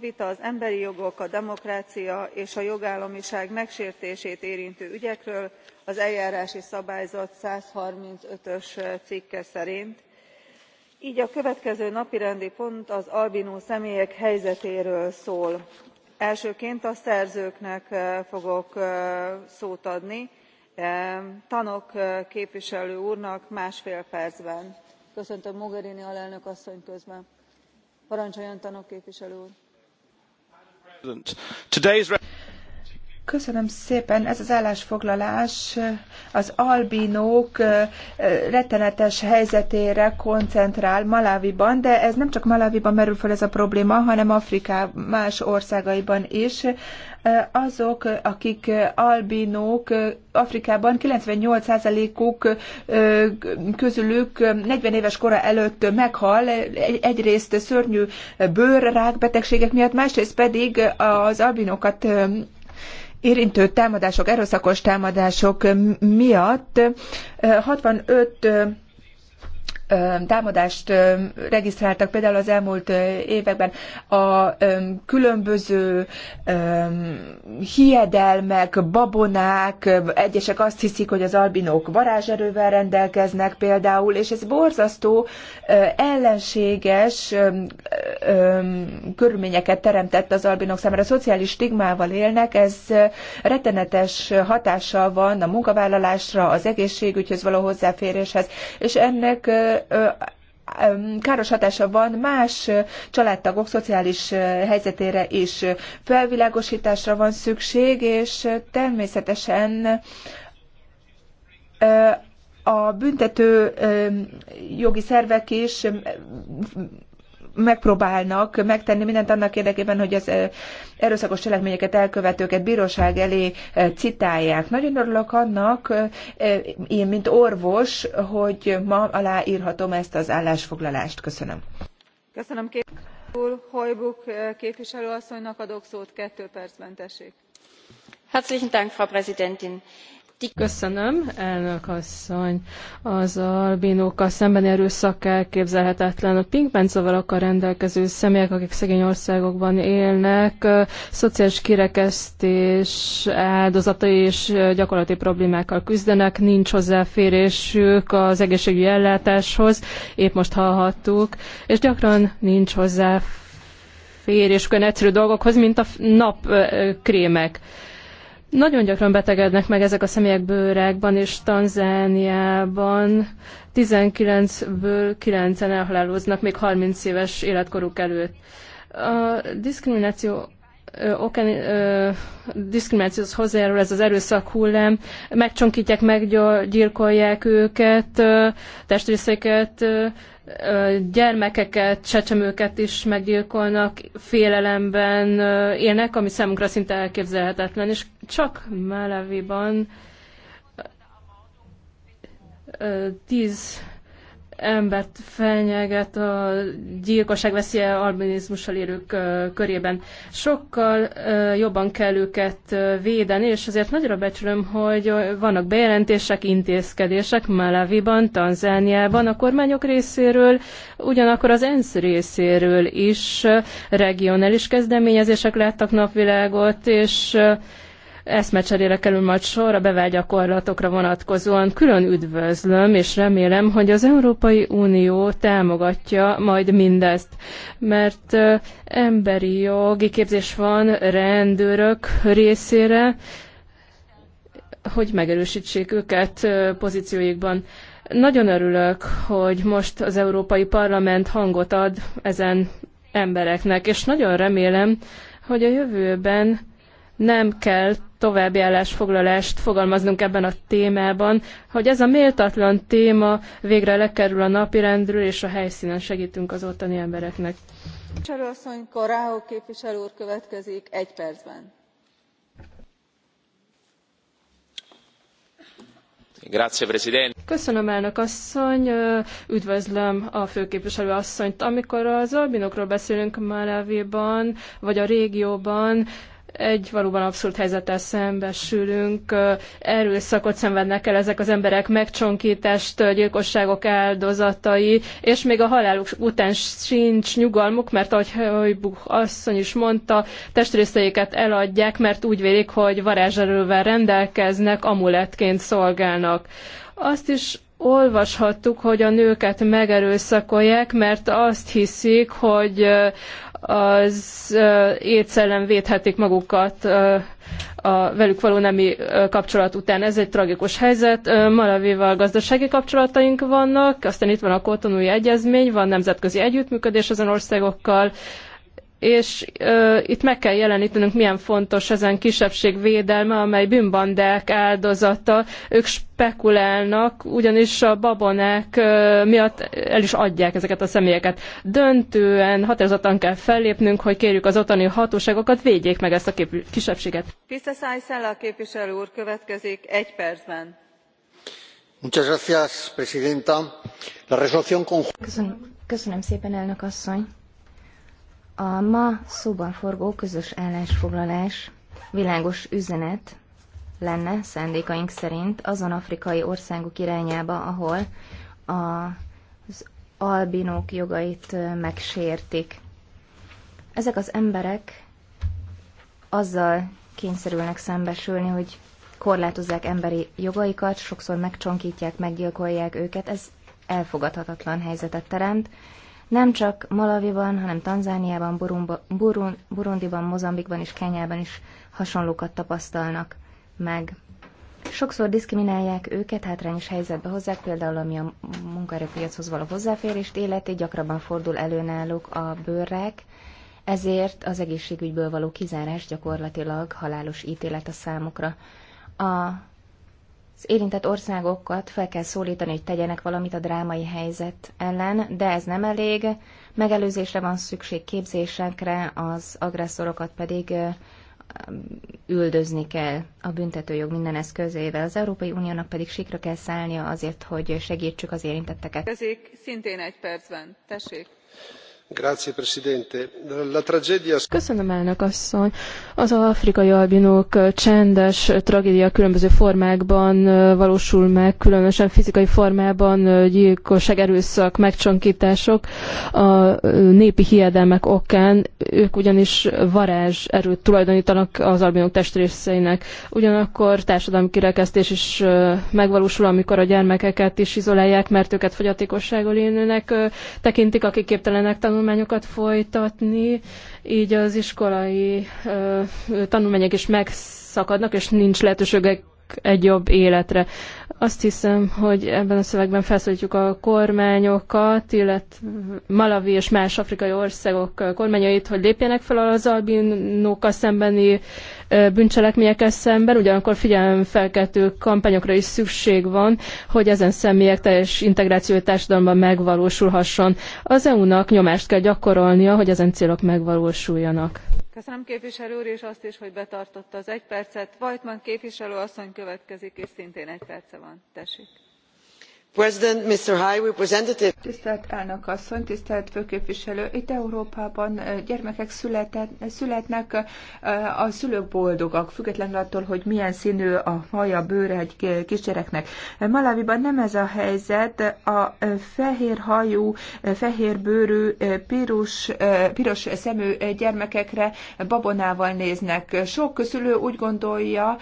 vita az emberi jogok a demokrácia és a jogállamiság megsértését érintő ügyekről az eljárási szabályzat one hundred and thirty ös cikke szerint gy a következő napirendi pont az albinó személyek helyzetéről szól. elsőként a szerzőknek eh, fogok eh, szót adni eh, tannock képviselő úrnak másfél percben. köszöntöm mogherini alelnök asszonyt közben. parancsoljon tannock képviselő úr! today's Köszönöm szépen. Ez az állásfoglalás az albinók rettenetes helyzetére koncentrál Maláviban, de ez nem csak Maláviban merül fel ez a probléma, hanem Afriká más országaiban is. Azok, akik albinók Afrikában 98%-uk közülük 40 éves kora előtt meghal, egyrészt szörnyű bőrrák betegségek miatt, másrészt pedig az albinókat érintő támadások, erőszakos támadások miatt 65 eh, támadást regisztráltak például az elmúlt években. A különböző hiedelmek, babonák, egyesek azt hiszik, hogy az albinók varázserővel rendelkeznek például, és ez borzasztó ellenséges körülményeket teremtett az albinók számára. A szociális stigmával élnek, ez rettenetes hatással van a munkavállalásra, az egészségügyhöz való hozzáféréshez, és ennek káros hatása van más családtagok szociális helyzetére is. Felvilágosításra van szükség, és természetesen a büntető jogi szervek is megpróbálnak megtenni mindent annak érdekében, hogy az eh, erőszakos cselekményeket elkövetőket bíróság elé eh, citálják. Nagyon örülök annak, eh, én, mint orvos, hogy ma aláírhatom ezt az állásfoglalást. Köszönöm. Köszönöm képviselő úr. Hojbuk képviselőasszonynak adok szót kettő percben, tessék. Herzlichen Dank, Frau Präsidentin Köszönöm, elnök asszony. Az albinókkal szembeni erőszak elképzelhetetlen. A pinkben zavarokkal rendelkező személyek, akik szegény országokban élnek, szociális kirekesztés áldozatai és gyakorlati problémákkal küzdenek, nincs hozzáférésük az egészségügyi ellátáshoz, épp most hallhattuk, és gyakran nincs hozzáférésük olyan egyszerű dolgokhoz, mint a napkrémek. Nagyon gyakran betegednek meg ezek a személyek bőrekben, és Tanzániában 19-ből 9-en elhaláloznak még 30 éves életkoruk előtt. A diszkrimináció okán diszkriminációhoz hozzájárul ez az erőszak hullám, megcsonkítják, meggyilkolják őket, testrészeket gyermekeket, csecsemőket is meggyilkolnak, félelemben élnek, ami számunkra szinte elképzelhetetlen, és csak Málaviban tíz embert fenyeget a gyilkosság veszélye albinizmussal érők körében. Sokkal jobban kell őket védeni, és azért nagyra becsülöm, hogy vannak bejelentések, intézkedések Malaviban, Tanzániában, a kormányok részéről, ugyanakkor az ENSZ részéről is regionális kezdeményezések láttak napvilágot, és eszmecserére kerül majd sor a bevált gyakorlatokra vonatkozóan. Külön üdvözlöm, és remélem, hogy az Európai Unió támogatja majd mindezt, mert emberi jogi képzés van rendőrök részére, hogy megerősítsék őket pozícióikban. Nagyon örülök, hogy most az Európai Parlament hangot ad ezen embereknek, és nagyon remélem, hogy a jövőben nem kell további állásfoglalást fogalmaznunk ebben a témában, hogy ez a méltatlan téma végre lekerül a napirendről, és a helyszínen segítünk az ottani embereknek. Képviselőasszony Koráó képviselő úr következik egy percben. Köszönöm, elnök asszony, üdvözlöm a főképviselő asszonyt. Amikor az albinokról beszélünk Malawiban, vagy a régióban, egy valóban abszurd helyzettel szembesülünk. Erőszakot szenvednek el ezek az emberek, megcsonkítást, gyilkosságok áldozatai, és még a haláluk után sincs nyugalmuk, mert ahogy Hajbuch asszony is mondta, testrészeiket eladják, mert úgy vélik, hogy varázserővel rendelkeznek, amuletként szolgálnak. Azt is olvashattuk, hogy a nőket megerőszakolják, mert azt hiszik, hogy az éjsz ellen védhetik magukat a velük való nemi kapcsolat után. Ez egy tragikus helyzet. Malavival gazdasági kapcsolataink vannak, aztán itt van a kotonúi egyezmény, van nemzetközi együttműködés ezen országokkal, és ö, itt meg kell jelenítenünk, milyen fontos ezen kisebbség védelme, amely bűnbandák áldozata. Ők spekulálnak, ugyanis a babonák ö, miatt el is adják ezeket a személyeket. Döntően, határozatlan kell fellépnünk, hogy kérjük az otthoni hatóságokat, védjék meg ezt a kép- kisebbséget. Tiszta Szájszella képviselő úr következik egy percben. Muchas gracias, presidenta. La resolución Köszönöm, köszönöm szépen, elnök asszony a ma szóban forgó közös állásfoglalás világos üzenet lenne szándékaink szerint azon afrikai országok irányába, ahol az albinók jogait megsértik. Ezek az emberek azzal kényszerülnek szembesülni, hogy korlátozzák emberi jogaikat, sokszor megcsonkítják, meggyilkolják őket, ez elfogadhatatlan helyzetet teremt, nem csak Malaviban, hanem Tanzániában, Burumba, Burun, Burundiban, Mozambikban és Kenyában is hasonlókat tapasztalnak meg. Sokszor diszkriminálják őket, hátrányos helyzetbe hozzák, például ami a munkaerőpiachoz való hozzáférést illeti, gyakrabban fordul elő náluk a bőrrek, ezért az egészségügyből való kizárás gyakorlatilag halálos ítélet a számukra. A az érintett országokat fel kell szólítani, hogy tegyenek valamit a drámai helyzet ellen, de ez nem elég. Megelőzésre van szükség, képzésekre, az agresszorokat pedig üldözni kell a büntetőjog minden eszközével. Az Európai Uniónak pedig sikra kell szállnia azért, hogy segítsük az érintetteket. Ezek szintén egy percben. Tessék. Köszönöm, elnök asszony. Az afrikai albinók csendes tragédia különböző formákban valósul meg, különösen fizikai formában gyilkosság, erőszak, megcsonktások a népi hiedelmek okán. Ők ugyanis varázs erőt tulajdonítanak az albinók testrészeinek. Ugyanakkor társadalmi kirekesztés is megvalósul, amikor a gyermekeket is izolálják, mert őket fogyatékossággal élőnek tekintik, akik képtelenek tanulni tanulmányokat folytatni, így az iskolai tanulmányok is megszakadnak, és nincs lehetőségek egy jobb életre. Azt hiszem, hogy ebben a szövegben felszólítjuk a kormányokat, illetve Malawi és más afrikai országok kormányait, hogy lépjenek fel az albinókkal szembeni bűncselekményekkel szemben, ugyanakkor figyelemfelkeltő kampányokra is szükség van, hogy ezen személyek teljes integráció társadalomban megvalósulhasson. Az EU-nak nyomást kell gyakorolnia, hogy ezen célok megvalósuljanak. Köszönöm képviselő úr, és azt is, hogy betartotta az egy percet. Vajtman képviselő asszony következik, és szintén egy perce van. Tessék. Mr. High Representative. Tisztelt elnök asszony, tisztelt főképviselő! Itt Európában eh, gyermekek születnek, eh, a szülők boldogak, függetlenül attól, hogy milyen színű a haja, bőre egy kisgyereknek. Malaviban nem ez a helyzet, a eh, fehér hajú, fehér bőrű, piros, piros szemű gyermekekre babonával néznek. Sok szülő úgy gondolja,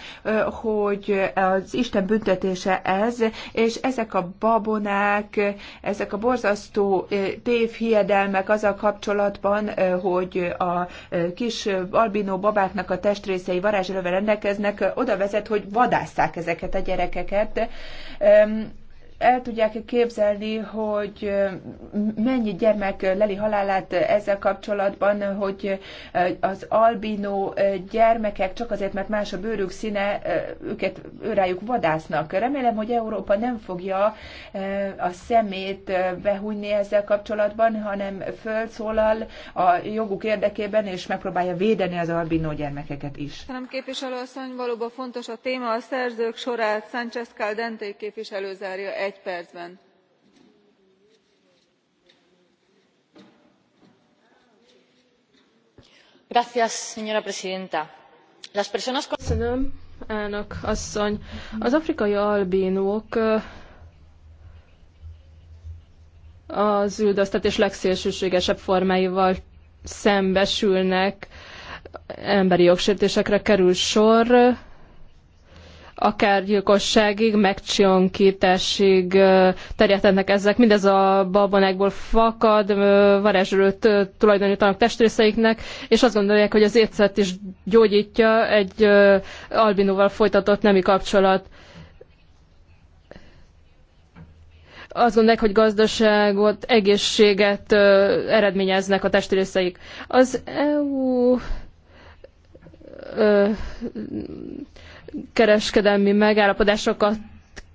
hogy az Isten büntetése ez, és ezek a babonák, ezek a borzasztó tévhiedelmek az a kapcsolatban, hogy a kis albinó babáknak a testrészei varázsröve rendelkeznek, oda vezet, hogy vadásszák ezeket a gyerekeket el tudják -e képzelni, hogy mennyi gyermek leli halálát ezzel kapcsolatban, hogy az albino gyermekek csak azért, mert más a bőrük színe, őket őrájuk vadásznak. Remélem, hogy Európa nem fogja a szemét behújni ezzel kapcsolatban, hanem fölszólal a joguk érdekében, és megpróbálja védeni az albino gyermekeket is. Köszönöm képviselő asszony, valóban fontos a téma, a szerzők sorát Sánchez Caldente képviselő zárja señora presidenta las personas con. köszönöm elnök asszony az afrikai albinók az üldöztetés legszélsőségesebb formáival szembesülnek emberi jogsértésekre kerül sor akár gyilkosságig, megcsionkításig terjedhetnek ezek. Mindez a babonákból fakad, varázslőt tulajdonítanak testrészeiknek, és azt gondolják, hogy az étszert is gyógyítja egy albinóval folytatott nemi kapcsolat. azt gondolják, hogy gazdaságot, egészséget ö, eredményeznek a testrészeik. Az EU ö, kereskedelmi megállapodásokat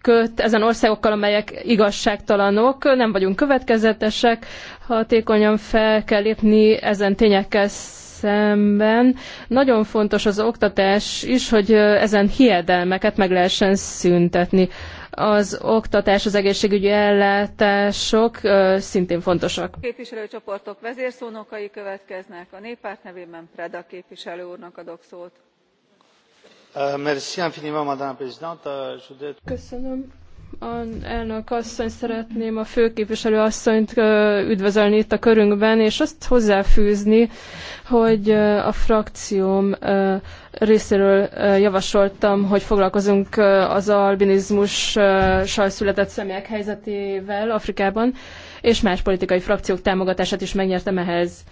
köt ezen országokkal, amelyek igazságtalanok, nem vagyunk következetesek, hatékonyan fel kell lépni ezen tényekkel szemben. Nagyon fontos az oktatás is, hogy ezen hiedelmeket meg lehessen szüntetni. Az oktatás, az egészségügyi ellátások szintén fontosak. Képviselőcsoportok vezérszónokai következnek. A néppárt nevében Preda képviselő úrnak adok szót. Euh, euh, Köszönöm. elnök asszony, szeretném a főképviselő asszonyt üdvözölni itt a körünkben, és azt hozzáfűzni, hogy a frakcióm részéről javasoltam, hogy foglalkozunk az albinizmussal született személyek helyzetével Afrikában, és más politikai frakciók támogatását is megnyertem ehhez.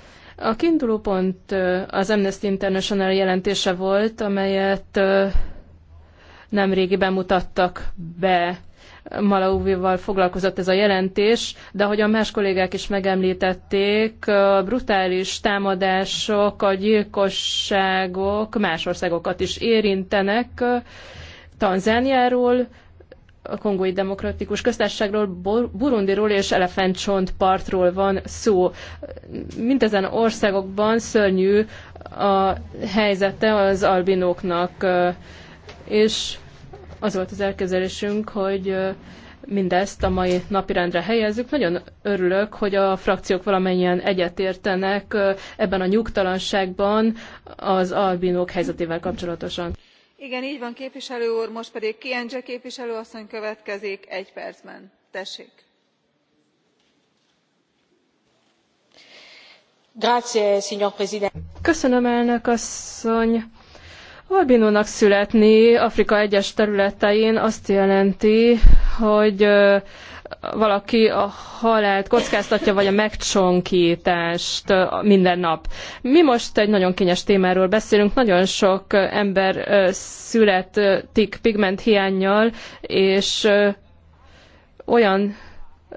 A kiinduló pont az Amnesty International jelentése volt, amelyet nemrégiben mutattak be. Malauvival foglalkozott ez a jelentés, de ahogy a más kollégák is megemlítették, a brutális támadások, a gyilkosságok más országokat is érintenek. Tanzániáról a kongói demokratikus köztársaságról, Burundiról és elefántcsontpartról van szó. Mindezen országokban szörnyű a helyzete az albinóknak, és az volt az elkezelésünk, hogy mindezt a mai napirendre helyezzük. Nagyon örülök, hogy a frakciók valamennyien egyetértenek ebben a nyugtalanságban az albinók helyzetével kapcsolatosan igen gy van képviselő úr most pedig kyenge képviselő asszony következik egy percben tessék. köszönöm elnök asszony! születni afrika egyes területein azt jelenti hogy valaki a halált kockáztatja, vagy a megcsonkítást minden nap. Mi most egy nagyon kényes témáról beszélünk, nagyon sok ember születik pigment hiányjal, és olyan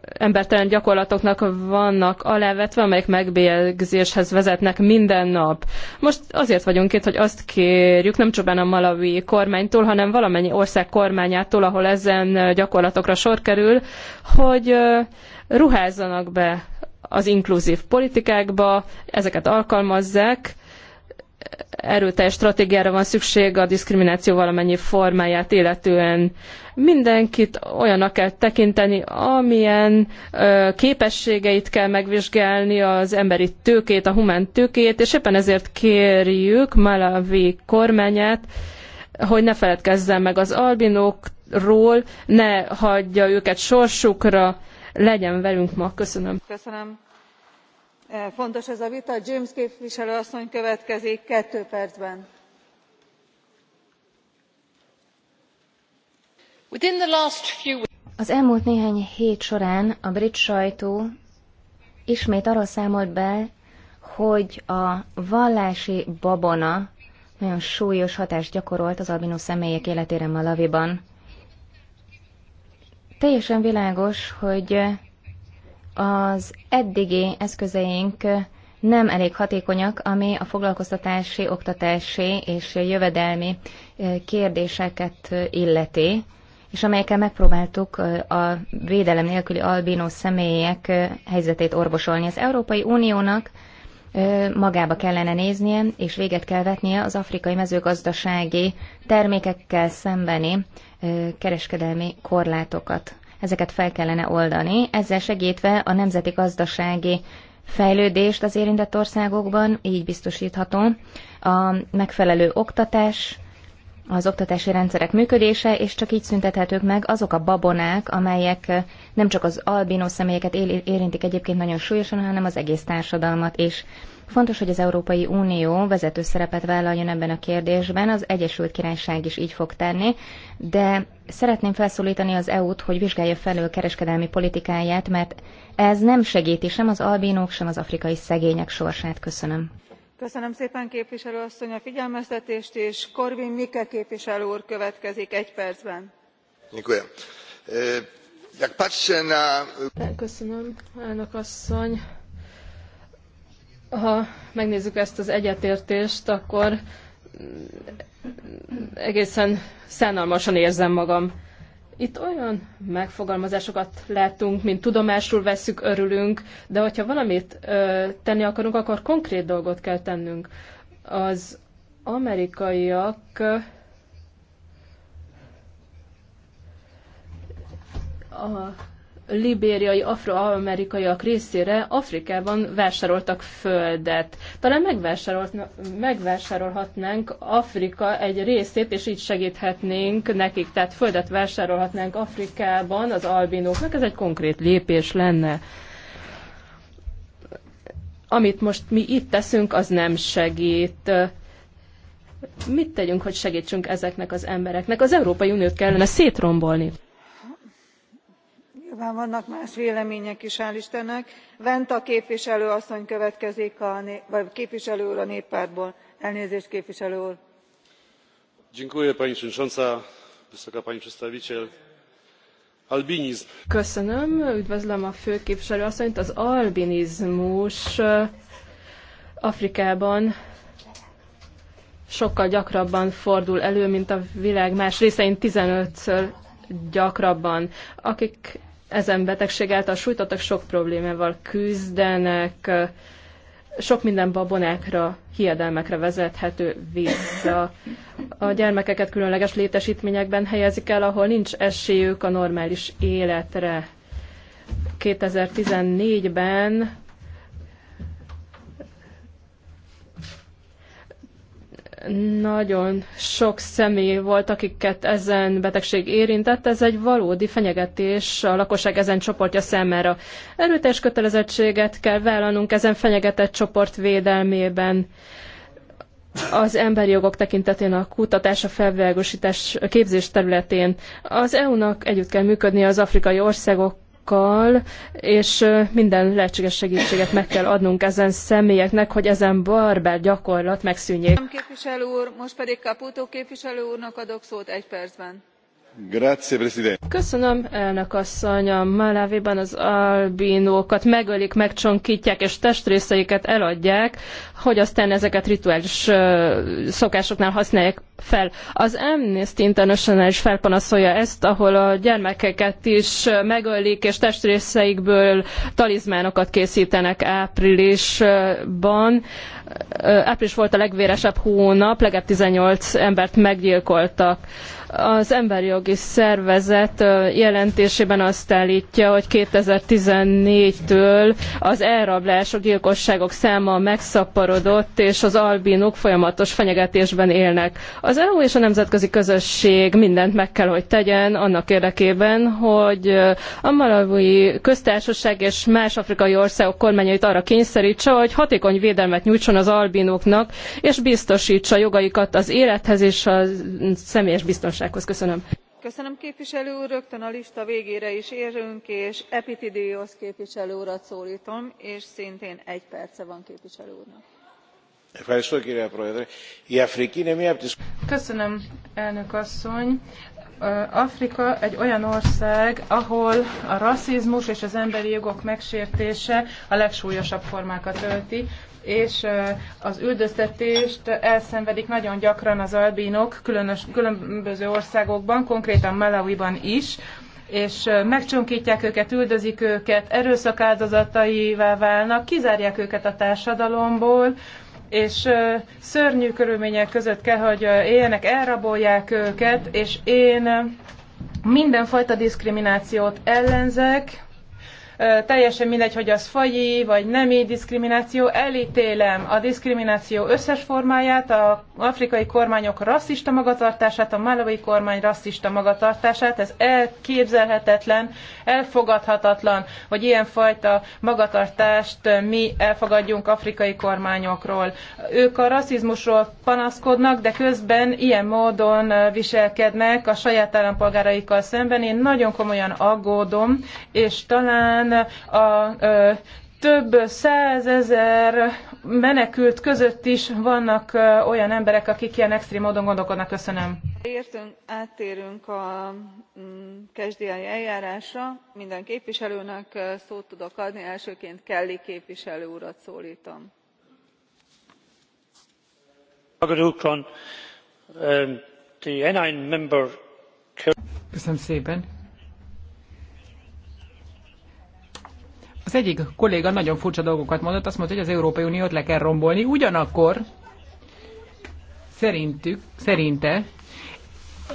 embertelen gyakorlatoknak vannak alávetve, amelyek megbélyegzéshez vezetnek minden nap. Most azért vagyunk itt, hogy azt kérjük nem csupán a malawi kormánytól, hanem valamennyi ország kormányától, ahol ezen gyakorlatokra sor kerül, hogy ruházzanak be az inkluzív politikákba, ezeket alkalmazzák, erőteljes stratégiára van szükség a diszkrimináció valamennyi formáját illetően. Mindenkit olyannak kell tekinteni, amilyen ö, képességeit kell megvizsgálni, az emberi tőkét, a humán tőkét, és éppen ezért kérjük Malawi kormányát, hogy ne feledkezzen meg az albinókról, ne hagyja őket sorsukra, legyen velünk ma. Köszönöm. Köszönöm. Eh, fontos ez a vita. james képviselő asszony következik two percben. az elmúlt néhány hét során a brit sajtó ismét arról számolt be hogy a vallási babona nagyon súlyos hatást gyakorolt az albinó személyek életére malaviban. teljesen világos hogy az eddigi eszközeink nem elég hatékonyak, ami a foglalkoztatási, oktatási és jövedelmi kérdéseket illeti, és amelyekkel megpróbáltuk a védelem nélküli albínó személyek helyzetét orvosolni. Az Európai Uniónak magába kellene néznie, és véget kell vetnie az afrikai mezőgazdasági termékekkel szembeni kereskedelmi korlátokat ezeket fel kellene oldani, ezzel segítve a nemzeti gazdasági fejlődést az érintett országokban, így biztosítható a megfelelő oktatás, az oktatási rendszerek működése, és csak így szüntethetők meg azok a babonák, amelyek eh, nem csak az albinó személyeket érintik egyébként nagyon súlyosan, hanem az egész társadalmat is. Fontos, hogy az Európai Unió vezető szerepet vállaljon ebben a kérdésben, az Egyesült Királyság is így fog tenni, de szeretném felszólítani az EU-t, hogy vizsgálja felül kereskedelmi politikáját, mert ez nem segíti sem az albinók, sem az afrikai szegények sorsát. Köszönöm köszönöm szépen képviselő asszony a figyelmeztetést és korwin mikke képviselő úr következik egy percben. E, köszönöm, elnök asszony ha megnézzük ezt az egyetértést akkor egészen szánalmasan érzem magam. Itt olyan megfogalmazásokat látunk, mint tudomásul veszük, örülünk, de hogyha valamit ö, tenni akarunk, akkor konkrét dolgot kell tennünk. Az amerikaiak a libériai afroamerikaiak részére Afrikában vásároltak földet. Talán megvásárolhatnánk Afrika egy részét, és így segíthetnénk nekik, tehát földet vásárolhatnánk Afrikában az albinóknak, ez egy konkrét lépés lenne. Amit most mi itt teszünk, az nem segít mit tegyünk, hogy segítsünk ezeknek az embereknek? Az Európai Uniót kellene szétrombolni nyilván vannak más vélemények is hál' istennek. wenta képviselő asszony következik a, vagy képviselő úr a néppártból. elnézést képviselő úr! köszönöm üdvözlöm a főképviselő asszonyt. az albinizmus afrikában sokkal gyakrabban fordul elő, mint a világ más részein 15-ször gyakrabban. Akik ezen betegség által sújtottak sok problémával küzdenek, sok minden babonákra, hiedelmekre vezethető vissza. A gyermekeket különleges létesítményekben helyezik el, ahol nincs esélyük a normális életre. 2014-ben nagyon sok személy volt, akiket ezen betegség érintett. Ez egy valódi fenyegetés a lakosság ezen csoportja számára. Erőteljes kötelezettséget kell vállalnunk ezen fenyegetett csoport védelmében. Az emberi jogok tekintetén a kutatás, a felvilágosítás, a képzés területén az EU-nak együtt kell működni az afrikai országok tagokkal, és minden lehetséges segítséget meg kell adnunk ezen személyeknek, hogy ezen barbár gyakorlat megszűnjék. Képviselő úr, most pedig Caputo képviselő úrnak adok szót egy percben. Grazie, Presidente. Köszönöm, elnök asszony, a Malawiban az albinókat megölik, megcsonkítják és testrészeiket eladják, hogy aztán ezeket rituális szokásoknál használják fel. Az Amnesty International is felpanaszolja ezt, ahol a gyermekeket is megölik, és testrészeikből talizmánokat készítenek áprilisban. Április volt a legvéresebb hónap, legalább 18 embert meggyilkoltak. Az emberi jogi szervezet jelentésében azt állítja, hogy 2014-től az elrablások, gyilkosságok száma megszaporodott kiszivárogott, és az albinok folyamatos fenyegetésben élnek. Az EU és a nemzetközi közösség mindent meg kell, hogy tegyen annak érdekében, hogy a malawi köztársaság és más afrikai országok kormányait arra kényszerítse, hogy hatékony védelmet nyújtson az albinoknak, és biztosítsa jogaikat az élethez és a személyes biztonsághoz. Köszönöm köszönöm képviselő úr rögtön a lista végére is érünk és epitideios képviselő urat és szintén egy perce van képviselő úrnak. Köszönöm, elnök asszony. Afrika egy olyan ország, ahol a rasszizmus és az emberi jogok megsértése a legsúlyosabb formákat ölti, és az üldöztetést elszenvedik nagyon gyakran az albinok különös, különböző országokban, konkrétan Malawiban is, és megcsonkítják őket, üldözik őket, erőszak áldozataivá válnak, kizárják őket a társadalomból, és szörnyű körülmények között kell, hogy éljenek, elrabolják őket, és én mindenfajta diszkriminációt ellenzek, teljesen mindegy, hogy az faji vagy nemi diszkrimináció, elítélem a diszkrimináció összes formáját, a afrikai kormányok rasszista magatartását, a malawi kormány rasszista magatartását, ez elképzelhetetlen, elfogadhatatlan, hogy ilyenfajta magatartást mi elfogadjunk afrikai kormányokról. Ők a rasszizmusról panaszkodnak, de közben ilyen módon viselkednek a saját állampolgáraikkal szemben. Én nagyon komolyan aggódom, és talán hiszen a több százezer menekült között is vannak olyan emberek, akik ilyen extrém módon gondolkodnak. Köszönöm. Értünk, áttérünk a mm, kezdiai eljárásra. Minden képviselőnek szót tudok adni. Elsőként Kelly képviselő urat szólítom. Um, Köszönöm szépen. Az egyik kolléga nagyon furcsa dolgokat mondott, azt mondta, hogy az Európai Uniót le kell rombolni, ugyanakkor szerintük, szerinte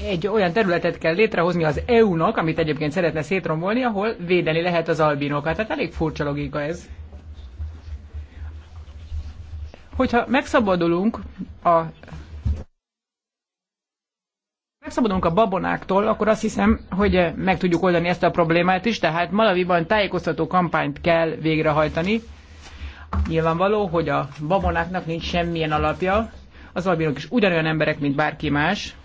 egy olyan területet kell létrehozni az EU-nak, amit egyébként szeretne szétrombolni, ahol védeni lehet az albinokat. Tehát elég furcsa logika ez. Hogyha megszabadulunk a megszabadulunk a babonáktól, akkor azt hiszem, hogy eh, meg tudjuk oldani ezt a problémát is, tehát Malaviban tájékoztató kampányt kell végrehajtani. Nyilvánvaló, hogy a babonáknak nincs semmilyen alapja, az albinok is ugyanolyan emberek, mint bárki más,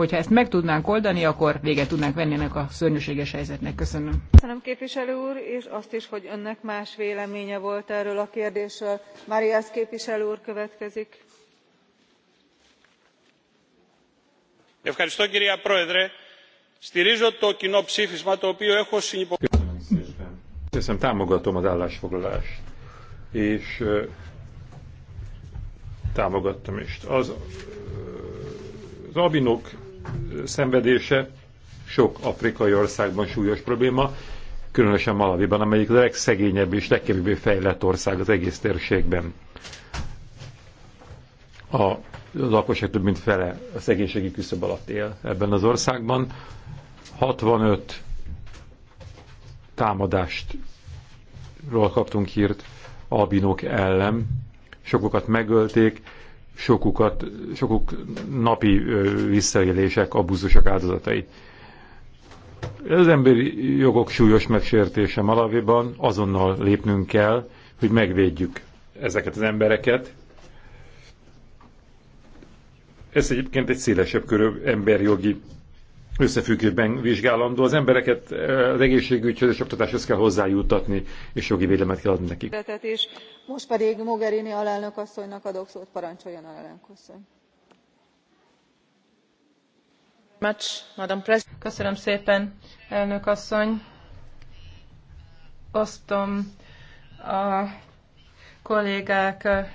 Hogyha ezt meg tudnánk oldani, akkor véget tudnánk venni ennek a szörnyűséges helyzetnek. Köszönöm. Köszönöm képviselő úr, és azt is, hogy önnek más véleménye volt erről a kérdésről. Marias képviselő úr következik. Ευχαριστώ κυρία Πρόεδρε. Στηρίζω το κοινό ψήφισμα το οποίο έχω συνυπογράψει. Köszönöm, támogatom az állásfoglalást. És támogattam is. Az, az szenvedése sok afrikai országban súlyos probléma, különösen Malaviban, amelyik a legszegényebb és legkevésbé fejlett ország az egész térségben. A lakosság több mint fele a szegénységi küszöb alatt él ebben az országban. 65 támadást ról kaptunk hírt albinok ellen. Sokokat megölték, sokukat, sokuk napi visszaélések, abúzusok áldozatai. Az emberi jogok súlyos megsértése Malaviban azonnal lépnünk kell, hogy megvédjük ezeket az embereket. Ez egyébként egy szélesebb körű emberjogi összefüggésben vizsgálandó. Az embereket eh, az egészségügyhöz és oktatáshoz kell hozzájuttatni, és jogi vélemet kell adni nekik. Most pedig Mogherini alelnök asszonynak adok szót, parancsoljon alelnök asszony. Köszönöm szépen, elnök asszony. Osztom a kollégák eh,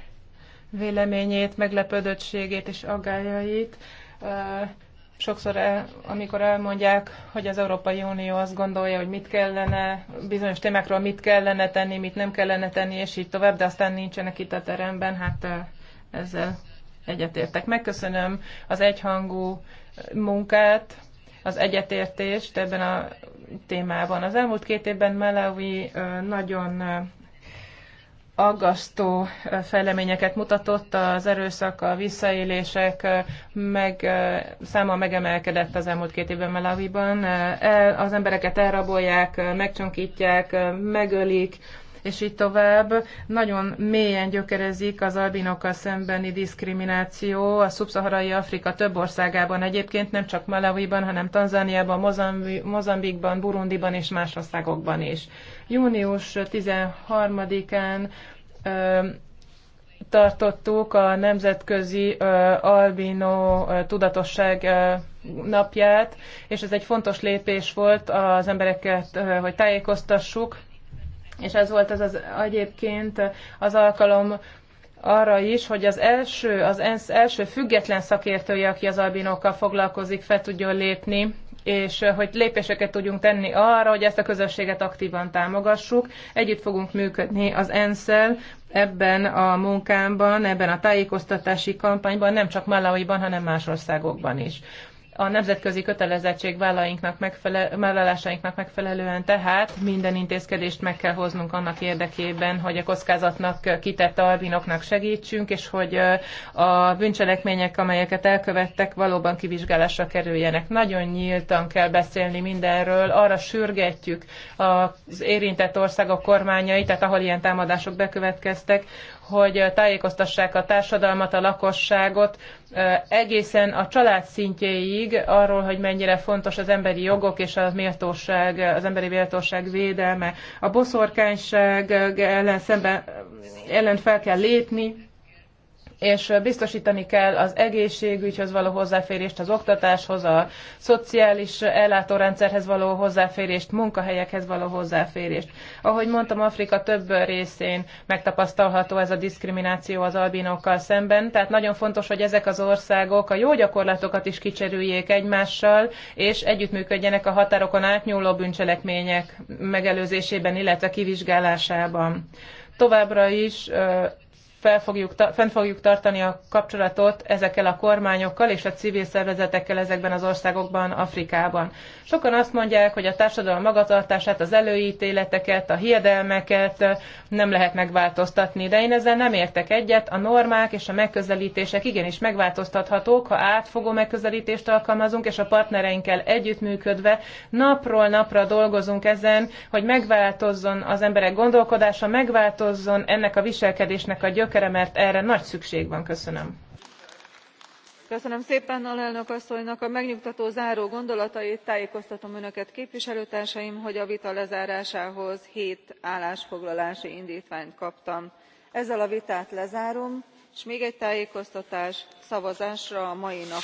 véleményét, meglepődöttségét és aggályait eh, sokszor, el, amikor elmondják, hogy az Európai Unió azt gondolja, hogy mit kellene, bizonyos témákról mit kellene tenni, mit nem kellene tenni, és így tovább, de aztán nincsenek itt a teremben, hát ezzel egyetértek. Megköszönöm az egyhangú munkát, az egyetértést ebben a témában. Az elmúlt két évben Malawi nagyon aggasztó fejleményeket mutatott, az erőszak, a visszaélések meg, száma megemelkedett az elmúlt két évben Malawiban. az embereket elrabolják, megcsonkítják, megölik, és így tovább. Nagyon mélyen gyökerezik az albinokkal szembeni diszkrimináció a szubszaharai Afrika több országában egyébként, nem csak Malawiban, hanem Tanzániában, Mozambi- Mozambikban, Burundiban és más országokban is. Június 13-án tartottuk a Nemzetközi Albino Tudatosság napját, és ez egy fontos lépés volt az embereket, hogy tájékoztassuk, és ez volt az, az egyébként az alkalom arra is, hogy az első, az ENSZ első független szakértője, aki az albinókkal foglalkozik, fel tudjon lépni, és eh, hogy lépéseket tudjunk tenni arra, hogy ezt a közösséget aktívan támogassuk. Együtt fogunk működni az ensz ebben a munkámban, ebben a tájékoztatási kampányban, nem csak Malawiban, hanem más országokban is a nemzetközi kötelezettségvállalásainknak megfele- megfelelően tehát minden intézkedést meg kell hoznunk annak érdekében, hogy a kockázatnak kitett albinoknak segítsünk, és hogy a bűncselekmények, amelyeket elkövettek, valóban kivizsgálásra kerüljenek. Nagyon nyíltan kell beszélni mindenről, arra sürgetjük az érintett országok kormányait, tehát ahol ilyen támadások bekövetkeztek, hogy tájékoztassák a társadalmat, a lakosságot egészen a család szintjéig, pedig arról, hogy mennyire fontos az emberi jogok és a méltóság, az emberi méltóság védelme. A boszorkányság ellen, szemben, ellen fel kell lépni, és biztosítani kell az egészségügyhöz való hozzáférést, az oktatáshoz, a szociális ellátórendszerhez való hozzáférést, munkahelyekhez való hozzáférést. Ahogy mondtam, Afrika több részén megtapasztalható ez a diszkrimináció az albinókkal szemben, tehát nagyon fontos, hogy ezek az országok a jó gyakorlatokat is kicserüljék egymással, és együttműködjenek a határokon átnyúló bűncselekmények megelőzésében, illetve kivizsgálásában. Továbbra is fel fogjuk, fent fogjuk tartani a kapcsolatot ezekkel a kormányokkal és a civil szervezetekkel ezekben az országokban, Afrikában. Sokan azt mondják, hogy a társadalom magatartását, az előítéleteket, a hiedelmeket nem lehet megváltoztatni, de én ezzel nem értek egyet. A normák és a megközelítések igenis megváltoztathatók, ha átfogó megközelítést alkalmazunk, és a partnereinkkel együttműködve napról napra dolgozunk ezen, hogy megváltozzon az emberek gondolkodása, megváltozzon ennek a viselkedésnek a gyökere, önökre, mert erre nagy szükség van. Köszönöm. Köszönöm szépen alelnök asszonynak a megnyugtató záró gondolatait. tájékoztatom önöket képviselőtársaim hogy a vita lezárásához hét állásfoglalási indítványt kaptam. ezzel a vitát lezárom és még egy tájékoztatás szavazásra a mai napon